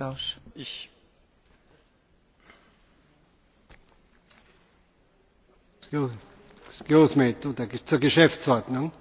Рош. Excuse me, zur Geschäftsordnung.